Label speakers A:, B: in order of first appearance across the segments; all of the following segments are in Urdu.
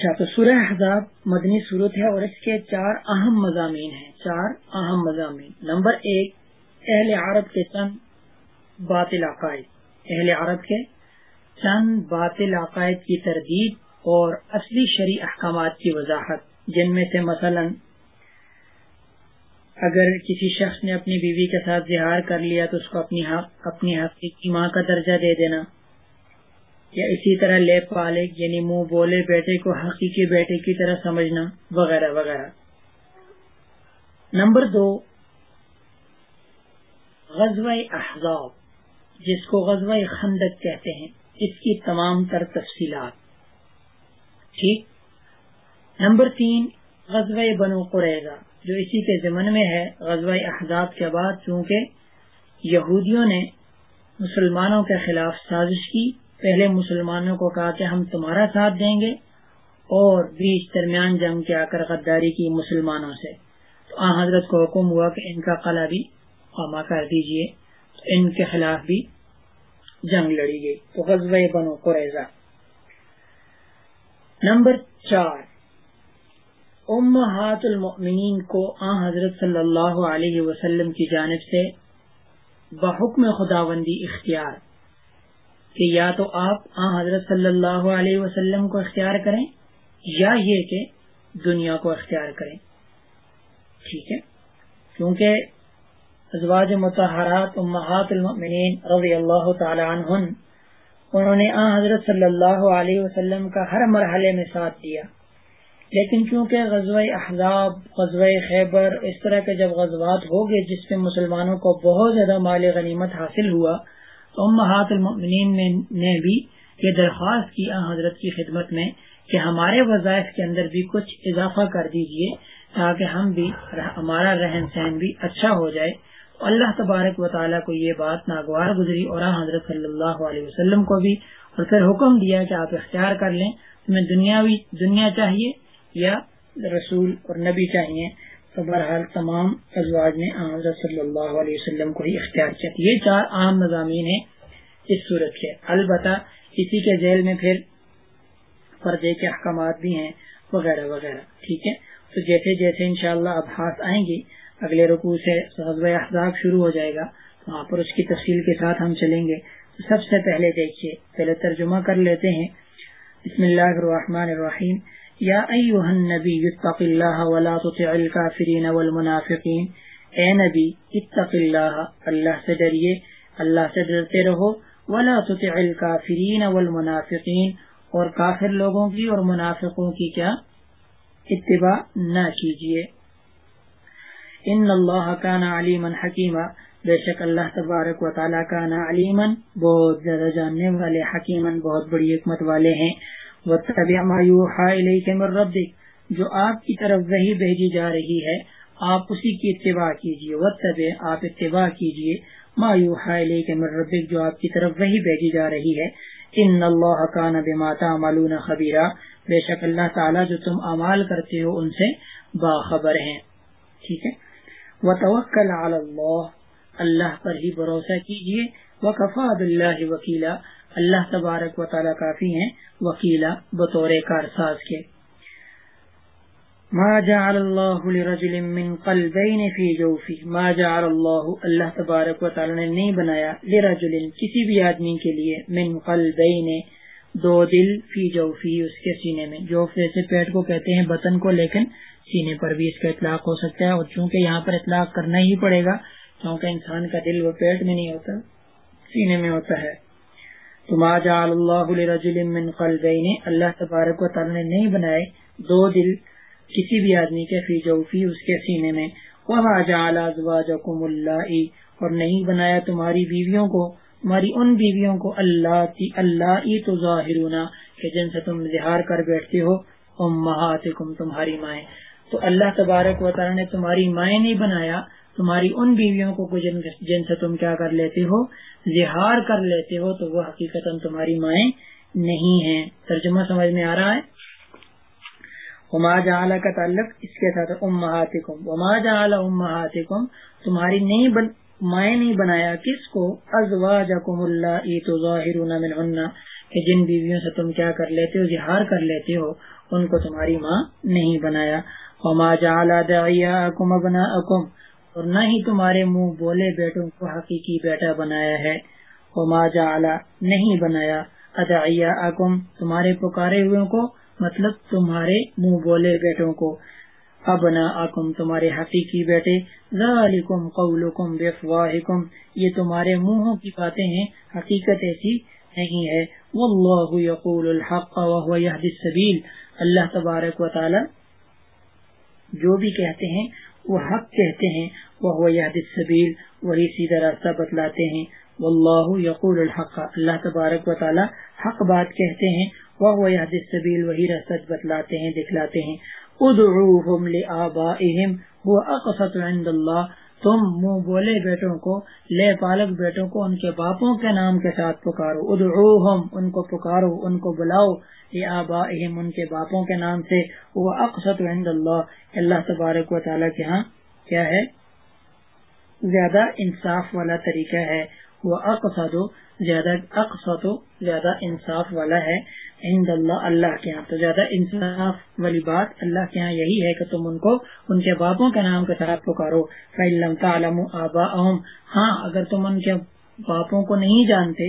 A: اچھا تو سورہ احزاب مدنی صورت ہے اور اس کے چار اہم مضامین ہیں چار اہم مضامین نمبر ایک اہل عرب کے چند باطل عقائد اہل عرب کے چند باطل عقائد کی تردید اور اصلی شریع احکامات کی وضاحت جن میں سے مثلا اگر کسی شخص نے اپنی بیوی کے ساتھ زہار کر لیا تو اس کو اپنی حق اپنی حقیقی ماں کا درجہ دے دینا یا اسی طرح لیپ والے یعنی منہ بولے بیٹے کو حقیقی بیٹے کی طرح سمجھنا وغیرہ وغیرہ نمبر دو غزب احزاب جس کو غزب خندق کہتے ہیں اس کی تمام تر تفصیلات ٹھیک نمبر تین غزب بنو قریضہ جو اسی کے ضمن میں ہے غزوہ احزاب کے بعد چونکہ یہودیوں نے مسلمانوں کے خلاف سازش کی پہلے مسلمانوں کو کہا کہ ہم تمہارا ساتھ دیں گے اور بیچ درمیان جنگ کے آ کر غداری کی مسلمانوں سے تو حضرت کو حکم ہوا کہ ان کا قلع بھی خامہ کر دیجئے تو ان کے خلاف بھی جنگ لڑی گئی تو غزب بنو قریضہ نمبر چار امہات المؤمنین کو آ حضرت صلی اللہ علیہ وسلم کی جانب سے بحکم خداوندی اختیار کہ یا تو آپ آ حضرت صلی اللہ علیہ وسلم کو اختیار کریں یا یہ کہ دنیا کو اختیار کریں ٹھیک ہے کیونکہ ازواج متحرات امہات المؤمنین رضی اللہ تعالی انہوں نے حضرت صلی اللہ علیہ وسلم کا ہر مرحلے میں ساتھ دیا لیکن کیونکہ غزوہ احزاب غزوہ خیبر اس طرح کے جب غزوات ہو گئے جس سے مسلمانوں کو بہت زیادہ مال غنیمت حاصل ہوا امہات المؤمنین المن نے بھی یہ درخواست کی حضرت کی خدمت میں کہ ہمارے وظائف کے اندر بھی کچھ اضافہ کر دیجئے تاکہ ہم بھی ہمارا رہن سہن بھی اچھا ہو جائے اللہ تبارک و تعالیٰ کو یہ بات ناگوار گزری اور حضرت صلی اللہ علیہ وسلم کو بھی اور پھر حکم دیا کہ آپ اختیار کر لیں تمہیں دنیاوی دنیا چاہیے یا رسول اور نبی چاہیے تو بہرحال تمام ازواج نے حضرت صلی اللہ علیہ وسلم کو ہی اختیار کیا یہ چار عام مضامین ہیں اس صورت کے البتہ اسی کے ذیل میں پھر پردے کے احکامات بھی ہیں وغیرہ وغیرہ ٹھیک ہے تو جیسے جیسے انشاءاللہ شاء اللہ اب ہاتھ آئیں گے اگلے روپے احزاب شروع ہو جائے گا وہاں پر اس کی تفصیل کے ساتھ ہم چلیں گے سب سے پہلے دیکھیے پہلے ترجمہ کر لیتے ہیں بسم اللہ الرحمن الرحیم یا نبی اتق اللہ اللہ سے ڈریے اللہ سے ڈرتے رہو ولا تطع والمنافقین اور کافر لوگوں کی اور منافقوں کی کیا اتباع نہ کیجیے حکیمہ بے شک اللہ تبارک و تعالیٰ کا نا علیمن بہت زیادہ جاننے والے حکیمن بہت بڑی حکمت والے ہیں من ربک جو آپ کی طرف وہی بھیجی جا رہی ہے آپ اسی کی اتباع کیجیے وقت آپ اتباع کیجیے مایو الیک کے مربک جو آپ کی طرف وہی بھیجی جا رہی ہے ان اللہ بما تعملون خبیرہ بے شک اللہ تعالیٰ جو تم امال کرتے ہو ان سے باخبر ہیں ٹھیک ہے تو اللہ اللہ پر ہی بھروسہ کیجیے وکفا باللہ اللہ وکیلا اللہ تبارک و تعالیٰ کافی ہیں وکیلا بطور کارساز کے ما جا اللہ جلم ما جعل بئی اللہ تبارک و تعالی نے نہیں بنایا کسی بھی آدمی کے لیے من قلبين دو دل فی جوفی اس کے سینے میں جو جیسے پیٹ کو کہتے ہیں بطن کو لیکن سینے پر بھی اس کا اطلاق ہو سکتا ہے اور چونکہ یہاں پر اطلاق کرنا ہی پڑے گا کیونکہ انسان کا دل وہ پیٹ میں نہیں ہوتا سینے میں ہوتا ہے تو ما جعل اللہ لرجل من قلبین اللہ تبارک و تعالی نے نہیں بنائے دو دل کسی بھی آدمی کے فی جوفی اس کے سینے میں وہ اللہ اور نہیں بنایا تمہاری بیویوں کو تمہاری ان بیویوں کو اللہ تی اللہ ای تو ظاہر کہ جن سے تم اظہار کر بیٹھتے ہو ام تمہاری مائیں تو اللہ تبارک و تعالی نے تمہاری مائیں نہیں بنایا تمہاری ان بیویوں کو جن سے تم کیا کر لیتے ہو زہار کر لیتے ہو تو وہ حقیقت تمہاری مائیں نہیں ہیں ترجمہ سمجھ میں آ رہا ہے وما جعل کا تعلق اس کے ساتھ ام امہاتکم تمہاری نہیں مائیں نہیں بنایا کس کو از وا جک یہ تو بیویوں سے تم کیا کر لیتے ہو جہار کر لیتے ہو ان کو تمہاری ماں نہیں بنایا وما جعل جل ابناءکم اور نہ ہی تمہارے منہ بولے بیٹوں کو حقیقی بیٹا بنایا ہے وما جعل نہیں بنایا ادیا تمہارے پکارے ہوئے کو مطلب تمہارے منہ بولے بیٹوں کو ابنا اکم تمہارے حقیقی بیٹے کم بفواہکم یہ تمہارے منہوں کی باتیں ہیں حقیقت ایسی نہیں ہے واللہ یقول الحق وهو السبیل اللہ تبارک و تعالی جو بھی کہتے ہیں وہ حق کہتے ہیں وهو وہی سیدھا راستہ بتلاتے ہیں واللہ یقول الحق اللہ تبارک و تعالی حق بات کہتے ہیں سبیل وہی رسط بتلاتے ہیں دکھلاتے ہیں ادر ہوم لے آبا اہم وہ تم منہ بولے بیٹوں کو لے پالک بیٹوں کو ان کے باپوں کے نام کے ساتھ پکارو ادر ان کو پکارو ان کو بلاؤ لے آبا اہم ان کے باپوں کے نام سے وہ اک عند اللہ اللہ تبارک و تعالی کے ہاں کیا ہے زیادہ انصاف والا طریقہ ہے وہ اک زیادہ اک زیادہ انصاف والا ہے ہند اللہ اللہ کے یہاں تو زیادہ انصاف والی بات اللہ کے یہاں یہی ہے کہ تم ان کو ان کے باپوں کے نام کے ساتھ پکارو تعلم آبا ہاں اگر تم ان کے باپوں کو نہیں جانتے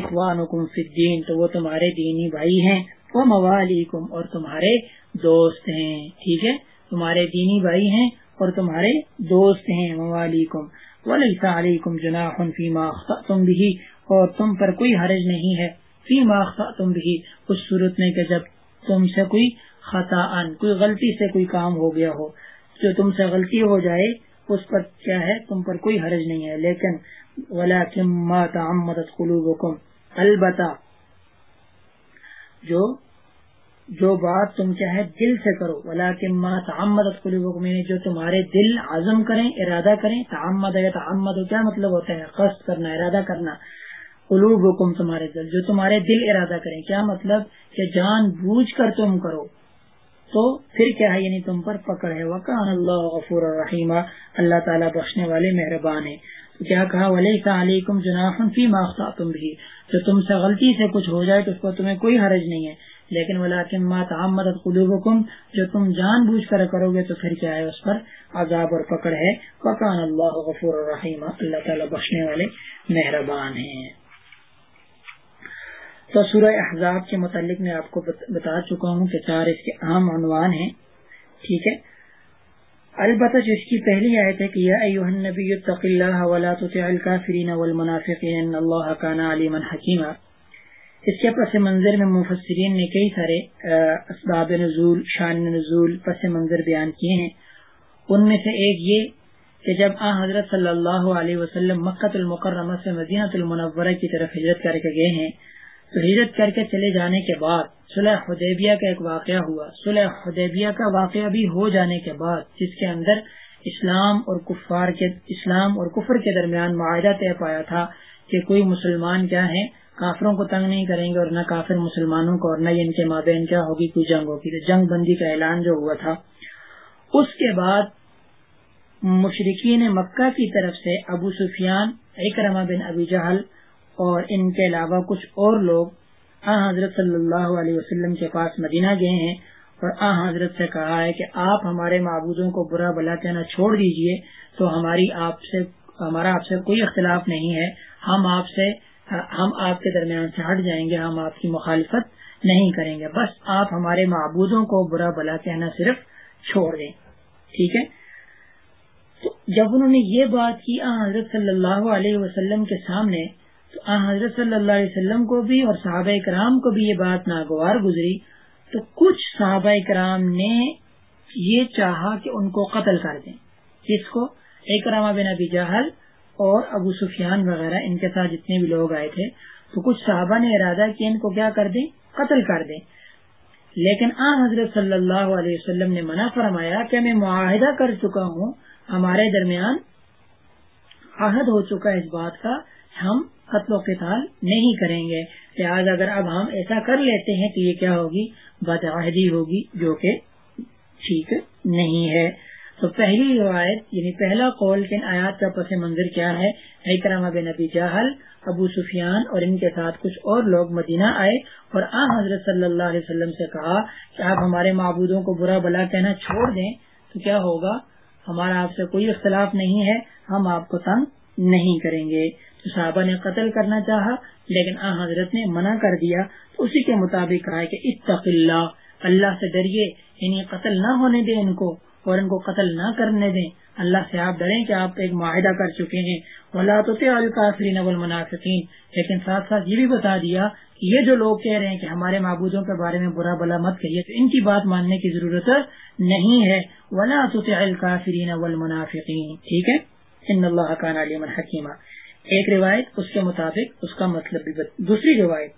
A: اخوان صدین تو وہ تمہارے دینی بھائی ہیں وہ موالیکم اور تمہارے دوست ہیں ٹھیک ہے تمہارے دینی بھائی ہیں اور تمہارے دوست ہیں ولیسا علیکم جناح فیما تم بھی اور تم پر کوئی حرج نہیں ہے تم بھی اس صورت میں کہ جب تم سے کوئی خطا ان کوئی غلطی سے کوئی کام ہو گیا ہو جو تم سے غلطی ہو جائے اس پر کیا ہے تم پر کوئی حرج نہیں ہے لیکن ولاک مدد کلو حکم البتہ جو جو بات تم چاہے دل سے کرو ولا بلاک مدد کلو حکم یعنی جو تمہارے دل عزم کریں ارادہ تعمد تو تعمد کیا مطلب ہوتا ہے قصد کرنا ارادہ کرنا قلوب حکم تمہارے دل جو تمہارے دل ارادہ کریں کیا مطلب کہ جان بوجھ کر تم کرو تو پھر کیا ہے یعنی تم پر پکڑ ہے اللہ غفور الرحیم اللہ تعالیٰ بخشنے والے مہربان ہیں کیا کہا ولی کل تم بھی جو تم سے غلطی سے کچھ ہو جائے تو اس کو تمہیں کوئی حرج نہیں ہے لیکن عام مدد قلوب حکم جو تم جان بوجھ کر کرو گے تو پھر کیا ہے اس پر عذاب اور پکڑ ہے وقان اللہ غفور الرحیم اللہ تعالیٰ بخشنے والے مہربان ہیں تو سورہ احزاب کے متعلق میں آپ کو بتا چکا ہوں کہ چار اس کے اہم عنوان ہیں ٹھیک ہے البتہ جو اس کی پہلی آیت ہے کہ یا ایوہ النبی اتق اللہ ولا تتع الکافرین والمنافقین ان اللہ کانا علیما حکیما اس کے پس منظر میں مفسرین نے کئی سارے اسباب نزول شان نزول پس منظر بیان کیے ہیں ان میں سے ایک یہ کہ جب آن حضرت صلی اللہ علیہ وسلم مکہ المکرمہ سے مدینہ المنورہ کی طرف ہجرت کر کے گئے ہیں ہجرت کر کے چلے جانے کے بعد صلح حدیبیہ کا ایک واقعہ ہوا صلح حدیبیہ کا واقعہ بھی ہو جانے کے بعد جس کے اندر اسلام اور کفار کے اسلام اور کفر کے درمیان معاہدہ طے پایا تھا کہ کوئی مسلمان کیا ہے کافروں کو تنگ نہیں کریں گے اور نہ کافر مسلمانوں کو اور نہ ان کے مابین کیا ہوگی کوئی جنگ ہوگی جنگ بندی کا اعلان جو ہوا تھا اس کے بعد مشرقین مکہ کی طرف سے ابو سفیان اکرما بن ابی جہل اور ان کے علاوہ کچھ اور لوگ آ حضرت صلی اللہ علیہ وسلم کے پاس مدینہ گئے ہیں اور آ حضرت سے کہا ہے کہ آپ ہمارے معبودوں کو برا بلا کہنا چھوڑ دیجئے تو ہماری آپ سے ہمارا آپ سے کوئی اختلاف نہیں ہے ہم آپ سے ہم آپ کے درمیان سے ہٹ جائیں گے ہم آپ کی مخالفت نہیں کریں گے بس آپ ہمارے معبودوں کو برا بلا کہنا صرف چھوڑ دیں ٹھیک ہے تو جب انہوں نے یہ بات کی حضرت صلی اللہ علیہ وسلم کے سامنے تو حضرت صلی اللہ علیہ وسلم کو بھی اور صحابہ کرام کو بھی یہ بات ناگوار گزری تو کچھ صحابہ کرام نے یہ چاہا کہ ان کو قتل کر دیں جس کو بن ابی جہل اور ابو سفیان وغیرہ ان کے ساتھ جتنے بھی لوگ آئے تھے تو کچھ صحابہ نے ارادہ کیا ان کو کیا کر دیں قتل کر دیں لیکن آ حضرت صلی اللہ علیہ وسلم نے منع فرمایا کہ میں معاہدہ کر چکا ہوں ہمارے درمیان عہد ہو چکا ہے اس بات کا ہم قتل و قتال نہیں کریں گے لہٰذا اگر اب ہم ایسا کر لیتے ہیں تو یہ کیا ہوگی بدعہدی ہوگی جو کہ ٹھیک نہیں ہے تو پہلی روایت یعنی پہلا قول کے پس منظر کیا ہے اکرام بن نبی جاہل ابو سفیان اور ان کے ساتھ کچھ اور لوگ مدینہ آئے اور آ حضرت صلی اللہ علیہ وسلم سے کہا کہ آپ ہمارے معبودوں کو برا بلا کہنا چھوڑ دیں تو کیا ہوگا ہمارا آپ سے کوئی اختلاف نہیں ہے ہم آپ کو تنگ نہیں کریں گے صحابہ نے قتل کرنا چاہا لیکن آ حضرت نے منع کر دیا تو اسی کے مطابق کہا کہ اتق اللہ اللہ سے ڈریے انہیں یعنی قتل نہ ہونے دیں ان کو اور ان کو قتل نہ کرنے دیں اللہ سے آپ ڈریں کہ آپ ایک معاہدہ کر چکے ہیں ولاۃ القافری نول منافقین لیکن ساتھ ساتھ یہ بھی بتا دیا کہ یہ جو لوگ کہہ رہے ہیں کہ ہمارے معبودوں کے بارے میں برا بلا مت کہیے تو ان کی بات ماننے کی ضرورت نہیں ہے ولاۃ القافری نول منافقین ٹھیک ہے ان اللہ کا ایک روایت اس کے مطابق اس کا مطلب بھی دوسری روایت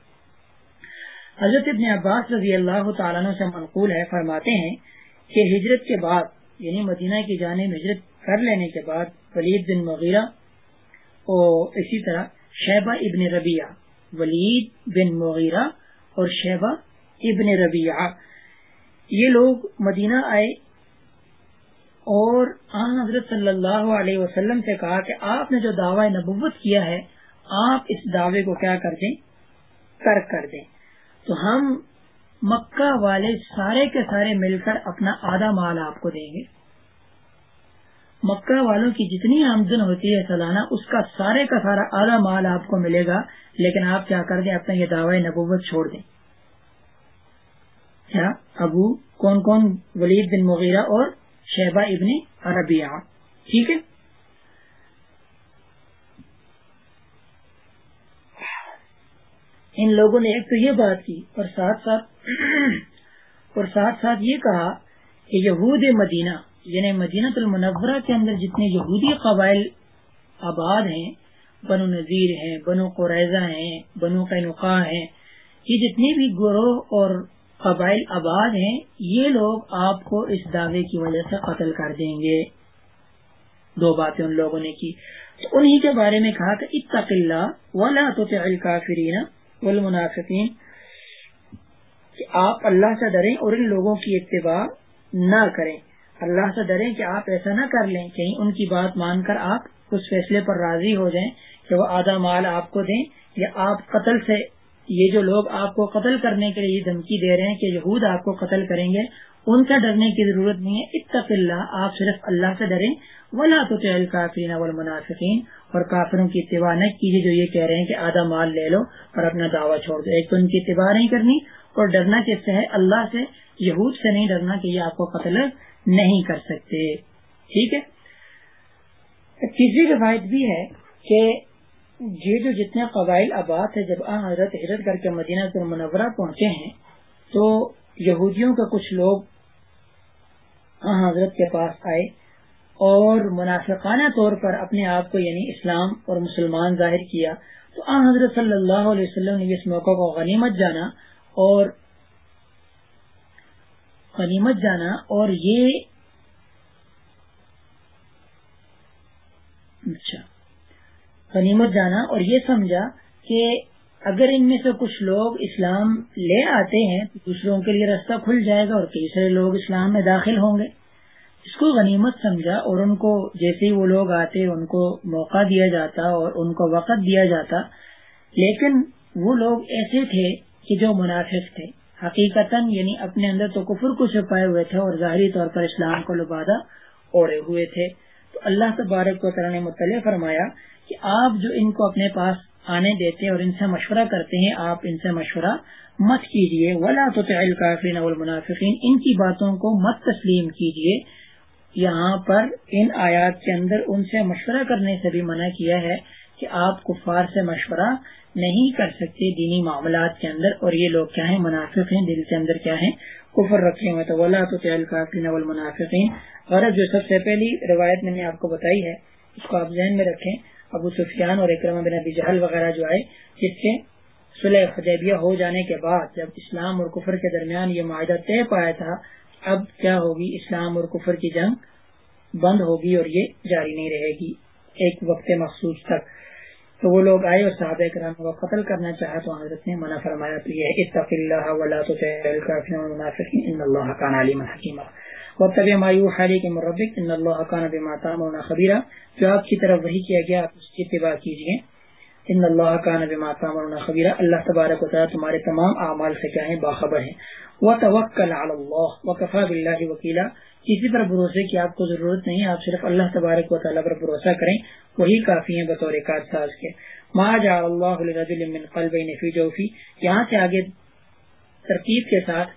A: حضرت ابن عباس رضی اللہ تعالیٰ سے منقول ہے فرماتے ہیں کہ ہجرت کے بعد یعنی مدینہ کی جانب ہجرت کر لینے کے بعد ولید بن مغیرہ اور اسی طرح شہبہ ابن ربیعہ ولید بن مغیرہ اور شہبہ ابن ربیعہ یہ لوگ مدینہ آئے اور آن حضرت صلی اللہ علیہ وسلم سے کہا کہ آپ نے جو دعوی نبوت کیا ہے آپ اس دعوے کو کیا کر دیں کر کر دیں تو ہم مکہ والے سارے کے سارے مل کر اپنا آدھا مال آپ کو دیں گے مکہ والوں کی جتنی آمدن ہوتی ہے سالانہ اس کا سارے کا سارا آدھا مال آپ کو ملے گا لیکن آپ کیا کر دیں اپنا یہ دعوی نبوت چھوڑ دیں کیا ابو کون کون ولید بن مغیرہ اور شہبا ابن ربیعہ ٹھیک ہے ان لوگوں نے ایک تو یہ بات کی اور ساتھ ساتھ اور ساتھ ساتھ یہ کہا کہ یہود مدینہ یعنی مدینہ المنورہ کے اندر جتنے یہودی قبائل آباد ہیں بنو نذیر ہیں بنو قریضہ ہیں بنو کا ہیں یہ جتنے بھی گروہ اور قبائل آباد ہیں یہ لوگ آپ کو اس دعوے کی وجہ سے قتل کر دیں گے دو باتیں ان لوگوں نے کی تو انہی کے بارے میں کہا کہ اتق اللہ ولا والمنافقین کہ آپ اللہ سے ڈریں اور ان لوگوں کی اتباع نہ کریں اللہ سے ڈریں کہ آپ ایسا نہ کر لیں کہیں ان کی بات مان کر آپ اس فیصلے پر راضی ہو جائیں کہ وہ آدھا مال آپ کو دیں یا آپ قتل سے یہ جو لوگ آپ کو قتل کرنے کے لیے دھمکی دے رہے ہیں کہ یہود آپ کو قتل کریں گے ان سے ڈرنے کی ضرورت نہیں ہے اتق اللہ آپ صرف اللہ سے ڈریں ولا تو کافرین والمنافقین اور کافروں کی اتباع نہ کیجیے جو یہ کہہ رہے ہیں کہ آدھا مال لے لو اور اپنا دعویٰ چھوڑ دو ایک تو ان کی اتباع نہیں کرنی اور ڈرنا کس سے ہے اللہ سے یہود سے نہیں ڈرنا کہ یہ آپ کو قتل نہیں کر سکتے ٹھیک ہے تیسری روایت بھی ہے کہ یہ جو جتنے قبائل آباد ہیں جب حضرت حضرت کر کے مدینہ سے منورہ پہنچے ہیں تو یہودیوں کے کچھ لوگ حضرت کے پاس آئے اور منافقانہ طور پر اپنے آپ کو یعنی اسلام اور مسلمان ظاہر کیا تو حضرت صلی اللہ علیہ وسلم نے اس موقع کو غنیمت جانا اور غنیمت جانا اور یہ اچھا غنیمت جانا اور یہ سمجھا کہ اگر ان میں سے کچھ لوگ اسلام لے آتے ہیں تو دوسروں کے لیے راستہ کھل جائے گا اور تیسرے لوگ اسلام میں داخل ہوں گے اس کو غنیمت سمجھا اور ان کو جیسے ہی وہ لوگ آتے ان کو موقع دیا جاتا اور ان کو وقت دیا جاتا لیکن وہ لوگ ایسے تھے کہ جو منافق تھے حقیقت یعنی اپنے اندر تو کفر کو چھپائے ہوئے تھے اور ظاہری طور پر اسلام کو لبادہ اوڑے ہوئے تھے اللہ تبارک و تعالیٰ نے مطلع فرمایا کہ آپ جو ان کو اپنے پاس آنے دیتے اور ان سے مشورہ کرتے ہیں آپ ان سے مشورہ مت کیجیے تو اب المنافقین ان کی باتوں کو مت تسلیم کیجیے یہاں پر ان آیات کے اندر ان سے مشورہ کرنے سے بھی منع کیا ہے کہ آپ کفار سے مشورہ نہیں کر سکتے دینی معاملات کے اندر اور یہ لوگ کیا ہیں منافق ہیں دل کے اندر کیا ہیں کفر رکھے ہوئے تو ولا تو نول منافع غرض جو سب سے پہلی روایت میں نے آپ کو بتائی ہے اس کو آپ ذہن میں رکھیں ابو سفیان اور اکرم بن ابی جہل وغیرہ جو آئے جس کے سلح حدیبیہ ہو جانے کے بعد جب اسلام اور کفر کے درمیان یہ معاہدہ طے پایا تھا اب کیا ہوگی اسلام اور کفر کی جنگ بند ہوگی اور یہ جاری نہیں رہے گی ایک وقت مخصوص تک تو وہ لوگ آئے اور صحابہ کرام کو قتل کرنا چاہے تو حضرت نے منع فرمایا انکیم وقت مایو حالی کے مربع ماتام خبیرہ جو آپ کی طرف وہی کیا گیا آپ اس کی اتباع کیجیے ان اللہ کا نبی ماتما خبیرہ اللہ تبارک و تعالیٰ تمہارے تمام اعمال سے کیا ہے باخبر ہیں کی آپ کو ضرورت نہیں آپ صرف اللہ تبارک و تعالیٰ پر بھروسہ کریں وہی کافی ہیں بطور کار ساز کے معاذ نفی سے آگے ترکیب کے ساتھ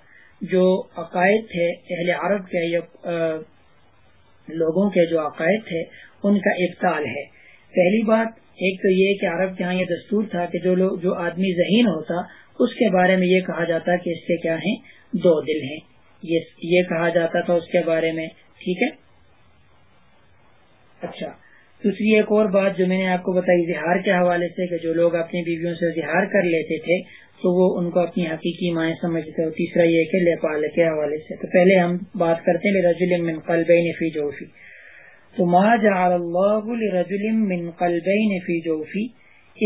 A: جو عقائد تھے اہل عرب کے یا لوگوں کے جو عقائد تھے ان کا ابتال ہے پہلی بات ایک تو یہ کہ عرب کے ہاں یہ دستور تھا کہ جو لوگ جو آدمی ذہین ہوتا اس کے بارے میں یہ کہا جاتا کہ اس کے کیا ہیں دو دل ہیں یہ کہا جاتا تھا اس کے بارے میں ٹھیک ہے اچھا دوسری ایک اور بات جو میں نے آپ کو بتائی اظہار کے حوالے سے کہ جو لوگ اپنی بیویوں سے اظہار کر لیتے تھے تو وہ ان کو اپنی حقیقی مائیں سمجھتے اور تیسرا یہ کہ کے حوالے سے تو پہلے ہم بات کرتے ہیں قلبین فی جوفی جعل اللہ لرجل من قلبین فی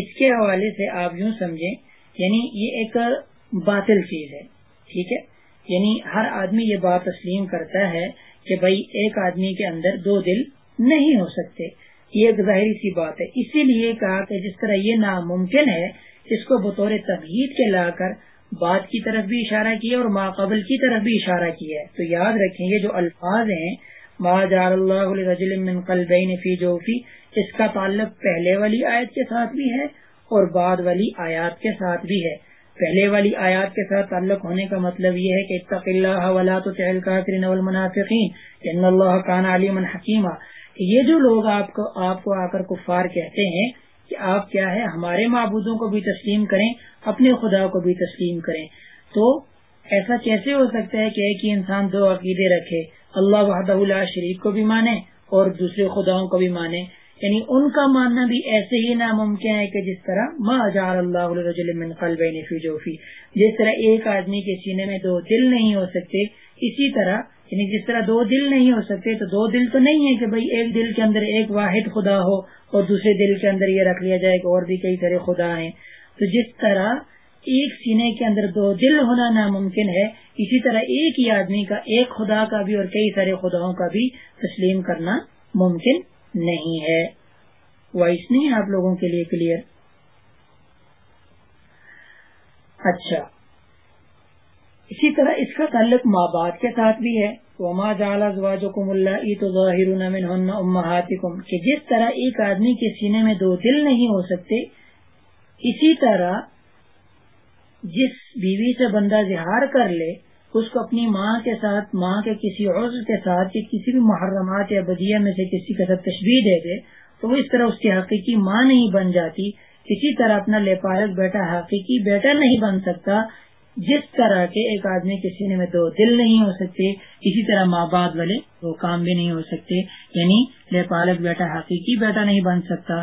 A: اس کے حوالے سے آپ یوں سمجھیں یعنی یہ ایک باطل چیز ہے ٹھیک ہے یعنی ہر آدمی یہ بات تسلیم کرتا ہے کہ بھائی ایک آدمی کے اندر دو دل نہیں ہو سکتے یہ ایک ظاہری سی بات ہے اسی لیے کہا کہ جس طرح یہ ناممکن ہے اس کو بطور تبھی کے لا کر بات کی طرف بھی اشارہ کیا اور ماقبل کی طرف بھی اشارہ کیا ہے تو یاد رکھیں یہ جو الفاظ ہیں اللہ من کا جو پہلے والی آیت کے ساتھ بھی ہے اور بعد والی آیات کے ساتھ بھی ہے پہلے والی آیات کے ساتھ تعلق ہونے کا مطلب یہ ہے کہ اتق اللہ اللہ ولا حکیمہ یہ جو لوگ آپ کو آپ کو آ کر کفار کہتے ہیں کہ آپ کیا ہے ہمارے معبودوں کو بھی تسلیم کریں اپنے خدا کو بھی تسلیم کریں تو ایسا کیسے ہو سکتا ہے کہ ایک ہی انسان دو عقیدے رکھے اللہ وحد اللہ شریف کو بھی مانے اور دوسرے خداؤں کو بھی مانے یعنی ان کا ماننا بھی ایسے ہی ناممکن ہے کہ جس طرح ما من قلبین فی جوفی جس طرح ایک آدمی کے سینے میں دو دل نہیں ہو سکتے اسی طرح یعنی جس طرح دو دل نہیں ہو سکتے تو دو دل تو نہیں ہے کہ بھئی ایک دل کے اندر ایک واحد خدا ہو اور دوسرے دل کے اندر یہ رکھ لیا جائے کہ اور بھی کئی طرح خدا ہیں تو جس طرح ایک سینے کے اندر دو دل ہونا ناممکن ہے اسی طرح ایک ہی آدمی کا ایک خدا کا بھی اور کئی سارے خداؤں کا بھی تسلیم کرنا ممکن نہیں ہے نہیں ہے آپ لوگوں کے لیے کلیئر اچھا اسی طرح اس کا تعلق ماں باپ کے ساتھ بھی ہے کہ جس طرح ایک آدمی کے سینے میں دو دل نہیں ہو سکتے اسی طرح جس بیوی سے بندہ زہار کر لے اس کو اپنی ماں کے ساتھ ماں کے کسی عرض کے ساتھ کسی بھی محرمات یا بدیا میں سے کسی کے ساتھ تشبیح دے دے تو اس طرح اس کی حقیقی ماں نہیں بن جاتی کسی طرح اپنا لیپالک بیٹا حقیقی بیٹا نہیں بن سکتا جس طرح کے ایک آدمی کے سنینے میں دو دل نہیں ہو سکتے اسی طرح ماں باپ والے وہ کام بھی نہیں ہو سکتے یعنی لے پالک بیٹا حقیقی بیٹا نہیں بن سکتا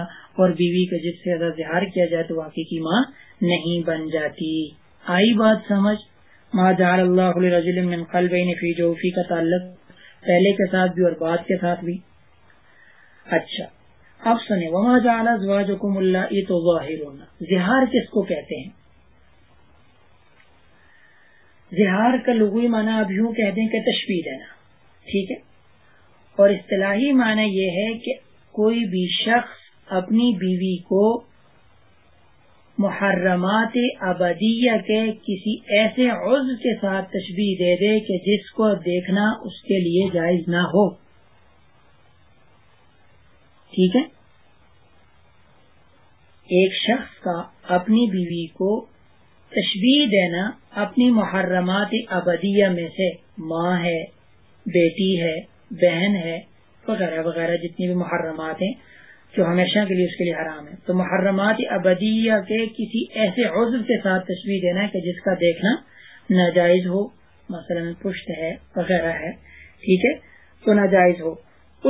A: اور بیوی کا جس سے اظہار کیا جائے تو حقیقی ماں نہیں بن جاتی آئی بات سمجھ ما جار اللہ رضی من قلب فی جوفی کا تعلق پہلے کے ساتھ بھی اور بعد کے ساتھ بھی اچھا اب سنے وما جعل ازواجکم اللہ یہ تو ظاہر زہار کس کو کہتے ہیں زہار کا لغوی معنی اب یوں کہہ دیں کہ تشبیح دینا ٹھیک ہے اور اصطلاحی معنی یہ ہے کہ کوئی بھی شخص اپنی بیوی کو محرمات ابدیہ کے کسی ایسے عز کے ساتھ تشبیح دے دے کہ جس کو دیکھنا اس کے لیے جائز نہ ہو ٹھیک ہے ایک شخص کا اپنی بیوی کو تشبیح دینا اپنی محرمات ابدیہ میں سے ماں ہے بیٹی ہے بہن ہے وغیرہ وغیرہ جتنی بھی محرمات ہیں جو ہمیشہ کے لیے اس کے لیے حرام ہے تو محرمات ابدیہ کے کسی ایسے عزب کے ساتھ تشویح دینا ہے کہ جس کا دیکھنا ناجائز ہو مثلا پشت ہے وغیرہ ہے ٹھیک ہے تو ناجائز ہو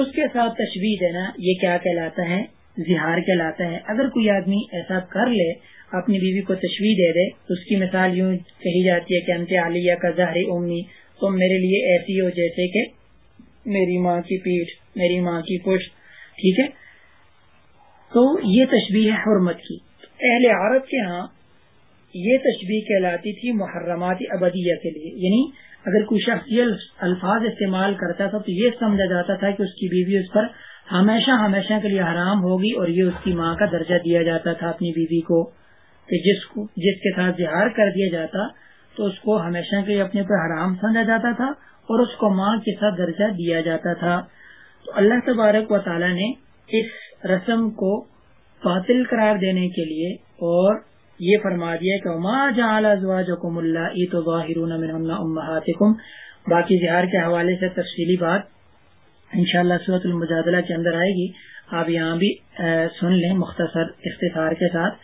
A: اس کے ساتھ تشویش دینا یہ کیا کہلاتا ہے زہار کہلاتا ہے اگر کوئی آدمی ایسا کر لے اپنی بیوی کو تشویش دے دے اس کی مثال یوں کہی جاتی ہے کہ انت عالیہ کا ظاہر امی تو میرے لیے ایسی ہو جیسے کہ میری ماں کی پیٹھ میری ماں کی پشت ٹھیک ہے تو یہ تشبیح ہے حرمت کی اہل عرب کے ہاں یہ تشبیہ کہلاتی تھی محرمات ابدیہ کے لیے یعنی اگر کوئی شخص یہ الفاظ استعمال کرتا تھا تو یہ سمجھا جاتا تھا کہ اس کی بیوی اس پر ہمیشہ ہمیشہ کے لیے حرام ہوگی اور یہ اس کی ماں کا درجہ دیا جاتا تھا اپنی بیوی کو کہ جس کو جس کے ساتھ زہار کر دیا جاتا تو اس کو ہمیشہ کے لیے اپنے پر حرام سمجھا جاتا تھا اور اس کو ماں کے ساتھ درجہ دیا جاتا تھا تو اللہ تبارک و تعالیٰ نے اس رسم کو باطل قرار دینے کے لیے اور یہ فرما دیا کہ باقی زہار کے حوالے سے تفصیلی بات ان شاء اللہ کے اندر آئے گی آپ یہاں بھی سن لیں مختصر اختصار کے ساتھ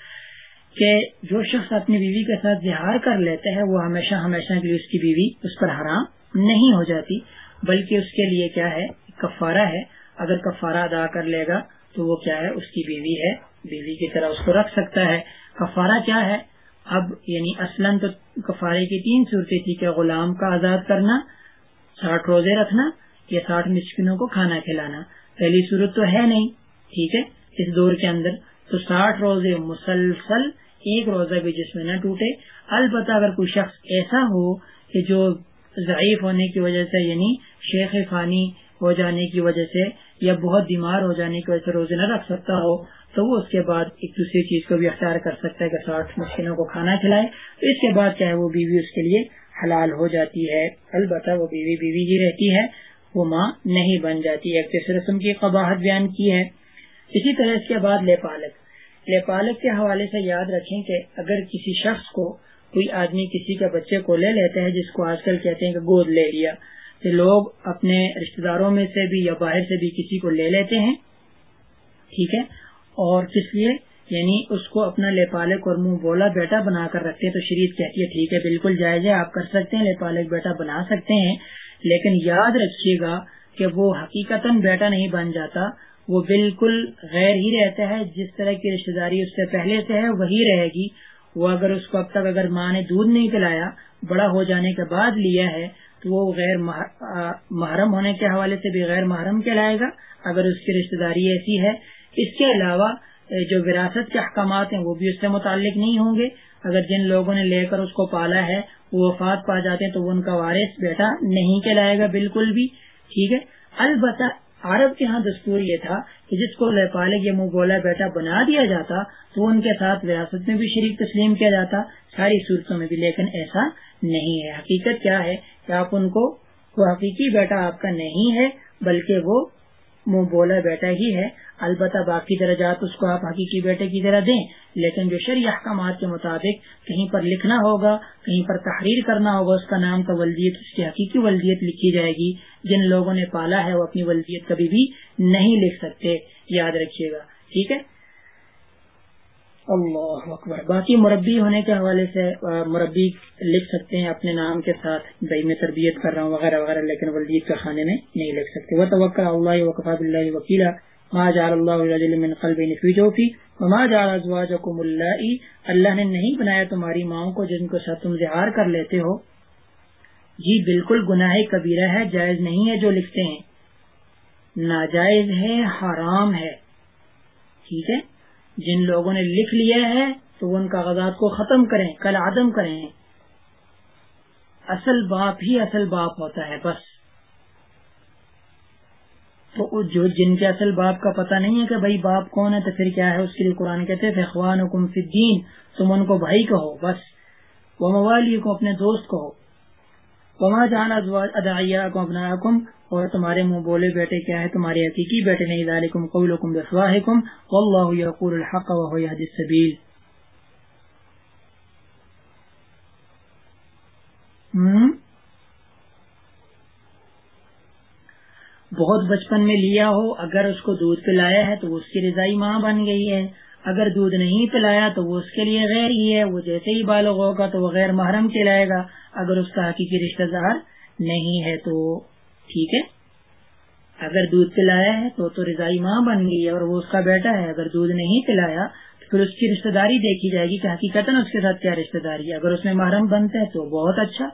A: کہ جو شخص اپنی بیوی کے ساتھ زہار کر لیتا ہے وہ ہمیشہ ہمیشہ کے لیے اس کی بیوی اس پر حرام نہیں ہو جاتی بلکہ اس کے لیے کیا ہے کفارہ ہے اگر کفارہ ادا کر لے گا تو وہ کیا ہے اس کی بیوی ہے بیوی کی طرح اس کو رکھ سکتا ہے کفارہ کیا ہے اب یعنی اصلا تو کفارے کی تین صورتیں تھی کہ غلام کا آزاد کرنا ساٹھ روزے رکھنا یا ساٹھ مسکنوں کو کھانا کھلانا پہلی صورت تو ہے نہیں ٹھیک ہے اس دور کے اندر تو ساٹھ روزے مسلسل ایک روزہ بھی جس میں نہ ٹوٹے البتہ اگر کوئی شخص ایسا ہو کہ جو ضعیف ہونے کی وجہ سے یعنی شیخ فانی ہو جانے کی وجہ سے یا بہت بیمار ہو جانے کی وجہ سے روزے نہ رکھ سکتا ہو تو وہ اس کے بعد ایک دوسری چیز کو بھی اختیار کر سکتا ہے کہ ساٹھ مشینوں کو کھانا کھلائے تو اس کے بعد چاہے وہ بیوی اس کے لیے حلال ہو جاتی ہے البتہ وہ بیوی بیوی ہی رہتی ہے وہ ماں نہیں بن جاتی ایک رسم کی قباہت بیان کی ہے اسی طرح اس کے بعد لے پالک لے پالک کے حوالے سے یاد رکھیں کہ اگر کسی شخص کو کوئی آدمی کسی کے بچے کو لے لیتا ہے جس کو آج کل کہتے ہیں کہ گود لے لیا لوگ اپنے رشتے داروں میں سے بھی یا باہر سے بھی کسی کو لے لیتے ہیں ٹھیک ہے اور کس لیے یعنی اس کو اپنا لیپالک اور منہ بولا بیٹا بنا کر رکھتے تو شریف کہتی ہے ٹھیک ہے بالکل جائز ہے آپ کر سکتے ہیں لے پالک بیٹا بنا سکتے ہیں لیکن یاد رکھیے گا کہ وہ حقیقت بیٹا نہیں بن جاتا وہ بالکل غیر ہی رہتا ہے جس طرح کی رشتے داری اس سے پہلے سے ہے وہی رہے گی وہ اگر اس کو اب تک اگر ماں نے دودھ نہیں پلایا بڑا ہو جانے کے بعد لیا ہے وہ غیر محرم ہونے کے حوالے سے بھی غیر محرم کہلائے گا اگر اس کی رشتے داری ایسی ہے اس کے علاوہ جو وراثت کے احکامات ہیں وہ بھی اس سے متعلق نہیں ہوں گے اگر جن لوگوں نے لے کر اس کو پالا ہے وہ وفات پا جاتے ہیں تو وہ ان کا وارث بیٹا نہیں کہلائے گا بالکل بھی ٹھیک ہے البتہ عرب کے ہاں دستور یہ تھا کہ جس کو پالے منہ بولا بیٹا بنا دیا جاتا تو ان کے ساتھ وراثت میں بھی شریک تسلیم کیا جاتا ساری صورتوں میں بھی لیکن ایسا نہیں ہے حقیقت کیا ہے کہ آپ ان کو وہ حقیقی بیٹا آپ کا نہیں ہے بلکہ وہ منہ بولا بیٹا ہی ہے البتہ باقی درجات اس کو آپ حقیقی بیٹے کی طرح دیں لیکن جو جوشر احکامات کے مطابق کہیں پر لکھنا ہوگا کہیں پر تحریر کرنا ہوگا اس کا نام کا ولدیت اس کی حقیقی ولدیت لکھی جائے گی جن لوگوں نے پالا ہے وہ اپنی ولدیت کبھی بھی نہیں لکھ سکتے یاد رکھیے گا ٹھیک ہے اللہ اکبر باقی مربی ہونے کے حوالے سے مربی لکھ سکتے ہیں اپنے نام کے ساتھ بھائی میں تربیت کر رہا ہوں وغیرہ وغیرہ لیکن خانے میں نہیں لکھ سکتے وہ توقع اللہ وقف اللہ اللہ اللہ وکیلا ما نے نہیں بنایا تمہاری ماؤں کو جن کو تم زہار کر لیتے ہو جی بالکل گناہ کبیرہ ہے جائز نہیں ہے جو لکھتے ہیں ناجائز ہے حرام ہے ٹھیک ہے جن لوگوں نے لکھ لیا ہے تو ان کا ختم کریں کل عدم کریں اصل اصل باپ ہی باپ ہوتا ہے بس تو جو جن کے اصل باپ کا پتہ نہیں ہے کہ بھائی باپ کون ہے تو پھر کیا ہے اس کے لیے قرآن کہتے اخوان حکم فدین تم ان کو بھائی کہو بس وہ کو اپنے دوست کو وما وہاں جانا کو اپنا حکم اور تمہارے منہ بولے بیٹے کیا ہے تمہارے حقیقی بیٹے نہیں الحق بہت بچپن میں لیا ہو اگر اس کو دودھ پلایا ہے تو اس کی رضائی ماں بن گئی ہے اگر دودھ نہیں پلایا تو وہ اس کے لیے غیر ہی ہے وہ جیسے ہی بالغ ہوگا تو وہ غیر محرم چلائے گا اگر اس کا حقیقی رشتہ دار نہیں ہے تو ٹھیک ہے اگر دودھ پلایا ہے تو تو رضائی ماں بن گئی اور وہ اس کا بیٹا ہے اگر دودھ نہیں پلایا تو پھر اس کی رشتہ داری دیکھی جائے گی کہ حقیقت اس کے ساتھ کیا رشتہ داری ہے اگر اس میں محرم بنتا ہے تو بہت اچھا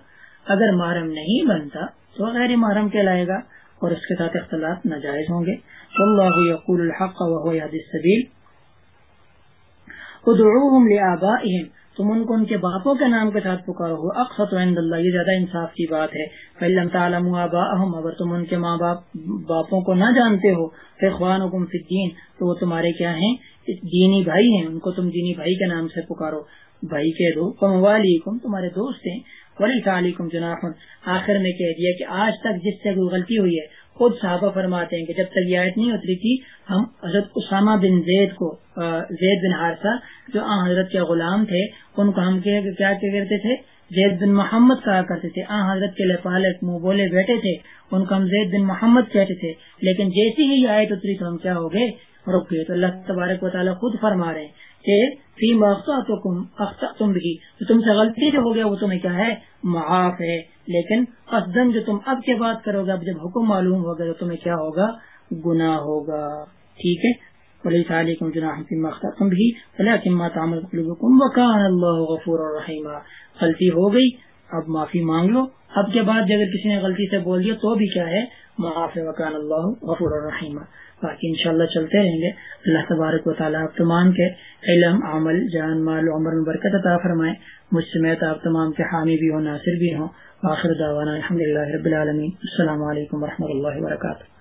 A: اگر محرم نہیں بنتا تو غیر محرم کہلائے گا اور اس کے ساتھ اختلاف ناجائز ہوں گے الحق وهو السبیل ادعوهم لآبائهم تم ان کو ان کے باپوں کے نام کے ساتھ پکارو اللہ یہ زیادہ انصاف کی بات ہے فلم اگر تم ان کے ماں باپ باپوں کو نہ جانتے ہو خوان حکم فدین تو وہ تمہارے کیا ہیں دینی بھائی ہیں ان کو تم دینی بھائی کے نام سے پکارو بھائی کہہ دو تمہارے دوست ہیں علیکم جناخن آخر میں کہہ دیا کہ آج تک جس سے کوئی غلطی ہوئی ہے خود صحابہ فرماتے جب تک یہ آیت نہیں اتری تھی ہم حضرت اسامہ بن زید کو زید بن حادثہ جو آ حضرت کے غلام تھے ان کو ہم کیا کرتے تھے زید بن محمد کہا کرتے تھے حضرت کے پالک بولے بیٹھے تھے ان کو ہم زید بن محمد کہتے تھے لیکن جیسی ہی آیت اتری تو ہم کیا ہو گئے رک گئے تو اللہ تبارک و تعالیٰ خود فرما رہے ہیں کہ فی تم سے غلطی جو گیا وہ تمہیں کیا ہے معاف ہے لیکن قصدن جو تم اب کے بات کرو گے اب جب حکم معلوم ہوگا تو تمہیں کیا ہوگا گنا ہوگا ٹھیک ہے جنا حکیم اختر تمگی حکمت وکان اللہ غفور الرحیم غلطی ہو گئی اب معافی مانگ لو اب کے بعد اگر کسی نے غلطی سے بول دیا تو بھی کیا ہے معاف وکان اللہ غفور الرحیمہ باقی انشاءاللہ چلتے رہیں گے اللہ تبارک و تعالیٰ آپ تمام کے علم عمل جان مال عمر میں برکت عطا فرمائے مجھ سے میں کے حامی بھی ہوں ناصر بھی ہوں آخر الحمد الحمدللہ رب العالمین السلام علیکم و اللہ وبرکاتہ